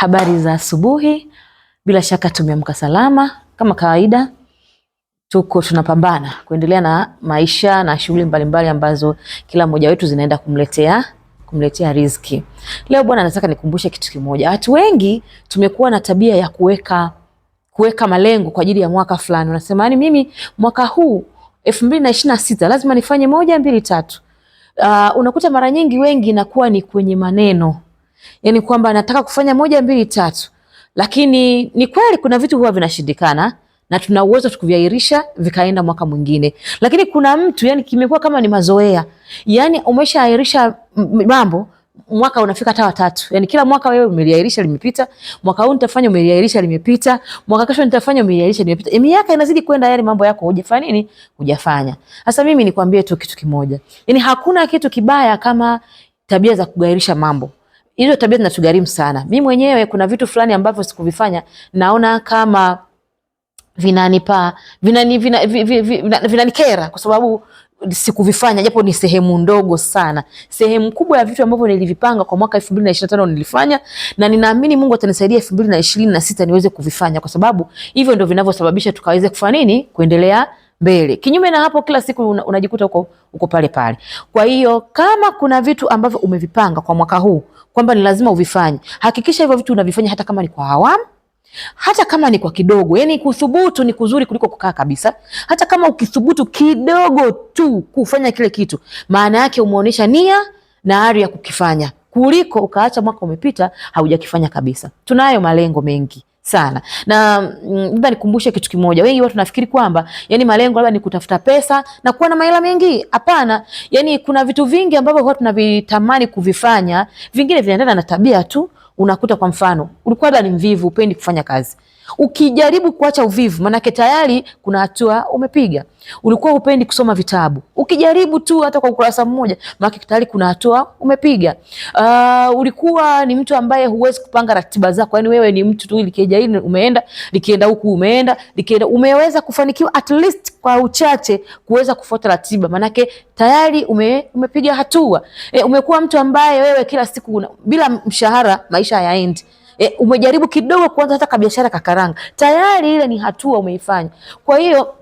Habari za asubuhi, bila shaka tumeamka salama kama kawaida. Tuko tunapambana kuendelea na maisha na shughuli mbalimbali ambazo kila mmoja wetu zinaenda kumletea kumletea riziki. Leo bwana, nataka nikumbushe kitu kimoja. Watu wengi tumekuwa na tabia ya kuweka kuweka malengo kwa ajili ya mwaka fulani. Unasema yani, mimi mwaka huu elfu mbili na ishirini na sita lazima nifanye moja mbili tatu. Uh, unakuta mara nyingi wengi inakuwa ni kwenye maneno yani kwamba nataka kufanya moja mbili tatu, lakini ni kweli kuna vitu huwa vinashindikana na tuna uwezo tukuviairisha vikaenda mwaka mwingine, lakini kuna mtu yani kimekuwa kama ni mazoea, yani umeshaahirisha mambo mwaka unafika hata watatu, yani kila mwaka wewe umeliahirisha limepita, mwaka huu nitafanya, umeliahirisha limepita, mwaka kesho nitafanya, umeliahirisha limepita, e, miaka inazidi kwenda, yale mambo yako hujafanya nini, hujafanya. Sasa mimi nikwambie tu kitu kimoja, yani hakuna kitu kibaya kama tabia za kugairisha mambo hizo tabia zinatugharimu sana. Mi mwenyewe kuna vitu fulani ambavyo sikuvifanya, naona kama vinanipa vinani, vinani, vina, vina, vinanikera kwa sababu sikuvifanya japo ni sehemu ndogo sana. Sehemu kubwa ya vitu ambavyo nilivipanga kwa mwaka 2025 nilifanya, na ninaamini Mungu atanisaidia 2026 niweze kuvifanya, kwa sababu hivyo ndio vinavyosababisha tukaweze kufanya nini, kuendelea mbele. Kinyume na hapo, kila siku una, unajikuta uko, uko pale pale. Kwa hiyo kama kuna vitu ambavyo umevipanga kwa mwaka huu kwamba ni lazima uvifanye, hakikisha hivyo vitu unavifanya, hata kama ni kwa awamu hata kama ni kwa kidogo. Yani kuthubutu ni kuzuri kuliko kukaa kabisa. Hata kama ukithubutu kidogo tu kufanya kile kitu, maana yake umeonyesha nia na ari ya kukifanya kuliko ukaacha mwaka umepita haujakifanya kabisa. Tunayo malengo mengi sana na mm, labda nikumbushe kitu kimoja. Wengi watu nafikiri kwamba yani malengo labda ni kutafuta pesa na kuwa na mahela mengi. Hapana, yani kuna vitu vingi ambavyo huwa tunavitamani kuvifanya, vingine vinaendana na tabia tu. Unakuta kwa mfano, ulikuwa labda ni mvivu, upendi kufanya kazi, ukijaribu kuacha uvivu, maanake tayari kuna hatua umepiga ulikuwa upendi kusoma vitabu, ukijaribu tu hata kwa ukurasa mmoja, maana tayari kuna hatua umepiga. Uh, ulikuwa ni mtu ambaye huwezi kupanga ratiba zako, yani wewe ni mtu tu likija hili umeenda, likienda huku umeenda, likienda. Umeweza kufanikiwa at least kwa uchache kuweza kufuata ratiba, maanake tayari ume, umepiga hatua. E, umekuwa mtu ambaye wewe kila siku una, bila mshahara maisha hayaendi. E, umejaribu kidogo kuanza hata kabiashara kakaranga, tayari ile ni hatua umeifanya. Kwa hiyo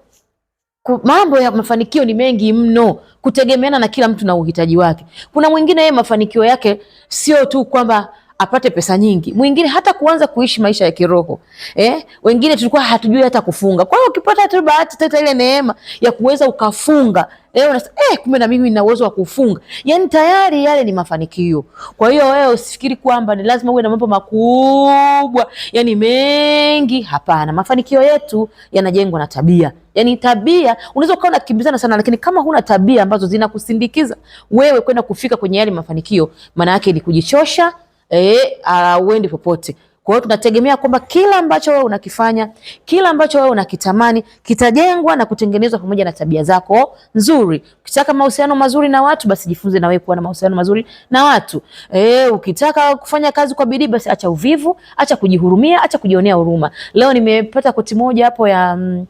mambo ya mafanikio ni mengi mno, kutegemeana na kila mtu na uhitaji wake. Kuna mwingine yeye mafanikio yake sio tu kwamba apate pesa nyingi, mwingine hata kuanza kuishi maisha ya kiroho eh? Wengine tulikuwa hatujui hata kufunga. Kwa hiyo ukipata tu bahati tata ile neema ya kuweza ukafunga eh, unasema eh, kumbe na mimi nina uwezo wa kufunga, yani tayari yale ni mafanikio. Kwa hiyo wewe usifikiri kwamba ni lazima uwe na mambo makubwa yani mengi. Hapana, mafanikio yetu yanajengwa na tabia Yani tabia, unaweza ukawa unakimbizana sana, lakini kama huna tabia ambazo zinakusindikiza wewe kwenda kufika kwenye yale mafanikio, maana yake ni kujichosha eh, ah, hauendi popote. Kwa hiyo tunategemea kwamba kila ambacho wewe unakifanya, kila ambacho wewe unakitamani kitajengwa na kutengenezwa pamoja na tabia zako nzuri. Ukitaka mahusiano mazuri na watu, basi jifunze na wewe kuwa na mahusiano mazuri na watu. Eh, ukitaka kufanya kazi kwa bidii, basi acha uvivu, acha kujihurumia, acha kujionea huruma. Leo nimepata koti moja hapo ya mm,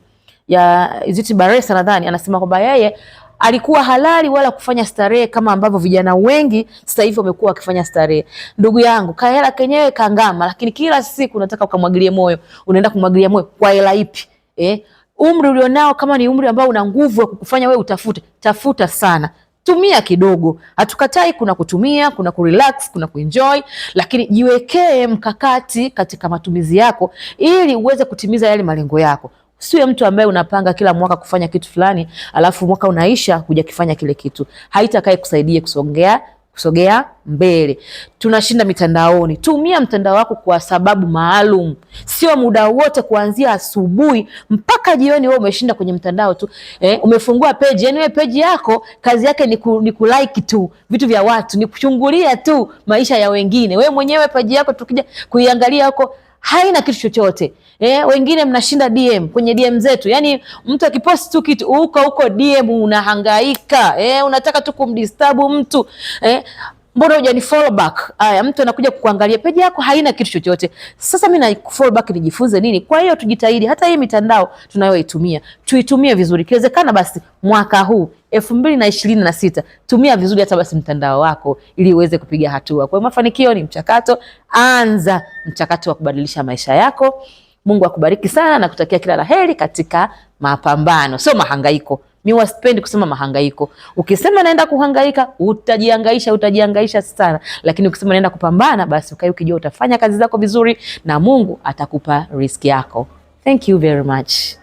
ya Iziti Baresa nadhani anasema kwamba yeye alikuwa halali wala kufanya starehe kama ambavyo vijana wengi sasa hivi wamekuwa wakifanya starehe. Ndugu yangu, kahela kenyewe kangama, lakini kila siku unataka ukamwagilie moyo. Unaenda kumwagilia moyo kwa hela ipi? Eh, umri ulionao kama ni umri ambao una nguvu ya kukufanya wewe utafute, tafuta sana tumia kidogo. Hatukatai, kuna kutumia, kuna kurelax, kuna kuenjoy, lakini jiwekee mkakati katika matumizi yako ili uweze kutimiza yale malengo yako. Usiwe mtu ambaye unapanga kila mwaka kufanya kitu fulani, alafu mwaka unaisha hujakifanya kile kitu, haitakae kusaidia kusongea kusogea mbele. Tunashinda mitandaoni, tumia mtandao wako kwa sababu maalum, sio muda wote, kuanzia asubuhi mpaka jioni wewe umeshinda kwenye mtandao tu. Eh, umefungua peji, yani wewe peji yako kazi yake ni, ku, ni kulike tu vitu vya watu, ni kuchungulia tu maisha ya wengine. Wewe mwenyewe peji yako tukija kuiangalia huko haina kitu chochote eh. Wengine mnashinda DM kwenye DM zetu, yani mtu akiposti tu kitu huko huko DM unahangaika eh, unataka tu kumdistabu mtu eh mbona hujani follow back? Aya, mtu anakuja kukuangalia peji yako haina kitu chochote. Sasa mimi na follow back nijifunze nini? Kwa hiyo tujitahidi, hata hii mitandao tunayoitumia tuitumie vizuri. kiwezekana basi mwaka huu elfu mbili na ishirini na sita tumia vizuri hata basi mtandao wako ili uweze kupiga hatua. Kwa hiyo mafanikio ni mchakato, anza mchakato wa kubadilisha maisha yako. Mungu akubariki sana na kutakia kila la heri katika mapambano, sio mahangaiko mi wasipendi kusema mahangaiko. Ukisema naenda kuhangaika, utajihangaisha utajihangaisha sana, lakini ukisema naenda kupambana, basi ukae ukijua utafanya kazi zako vizuri na Mungu atakupa riski yako. Thank you very much.